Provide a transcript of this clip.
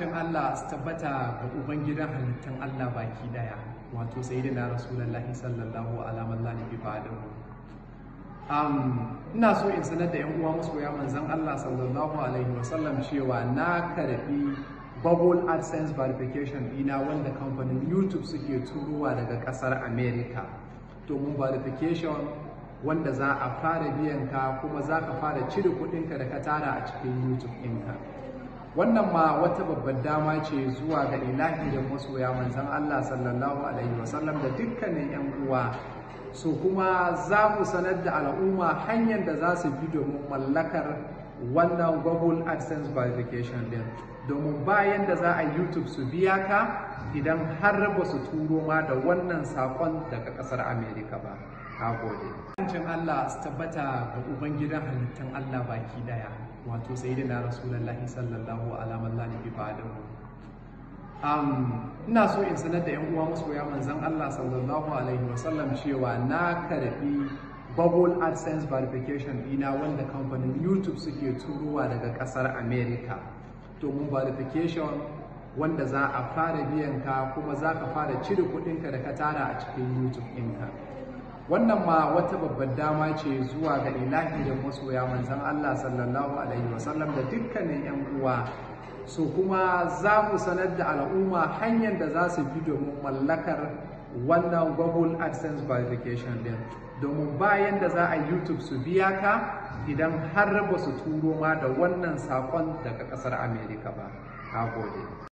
amincin Allah su tabbata ga ubangidan halittan Allah baki daya wato sayyidina sallallahu ina so in sanar da yan uwa masoya manzan Allah sallallahu alaihi wa sallam cewa na karbi Google AdSense verification dina wanda kamfanin YouTube suke turowa daga kasar America domin verification wanda za a fara biyan ka kuma za ka fara cire kuɗinka da ka tara a cikin YouTube ɗinka. wannan ma wata babban dama ce zuwa ga ilahi da masoya manzan Allah sallallahu alaihi wasallam da dukkanin 'yan uwa so kuma za mu sanar da al'umma hanyar da za su bi domin mallakar wannan google adsense verification din domin bayan da za a youtube su biya ka idan har ba su turo ma da wannan saƙon daga ƙasar Amerika ba Nagode. gode Allah su tabbata ga ubangidan halittan Allah baki daya wato sayyidina rasulullahi sallallahu alaihi wa sallam ina so in sanar da yan uwa masoya manzon Allah sallallahu alaihi wa cewa na karbi Bubble AdSense verification dina wanda kamfanin YouTube suke turowa daga kasar America domin verification wanda za a fara biyan ka kuma za ka fara cire kudinka da ka tara a cikin YouTube ɗinka. wannan ma wata babbar dama ce zuwa ga ilahi da masoya manzan Allah sallallahu alaihi wasallam da dukkanin yan uwa so kuma za mu sanar da al'umma hanyar da za su bi domin mallakar wannan google adsense verification din domin bayan da za a youtube su biya ka idan har ba su turo ma da wannan sakon daga ƙasar Amerika ba a gode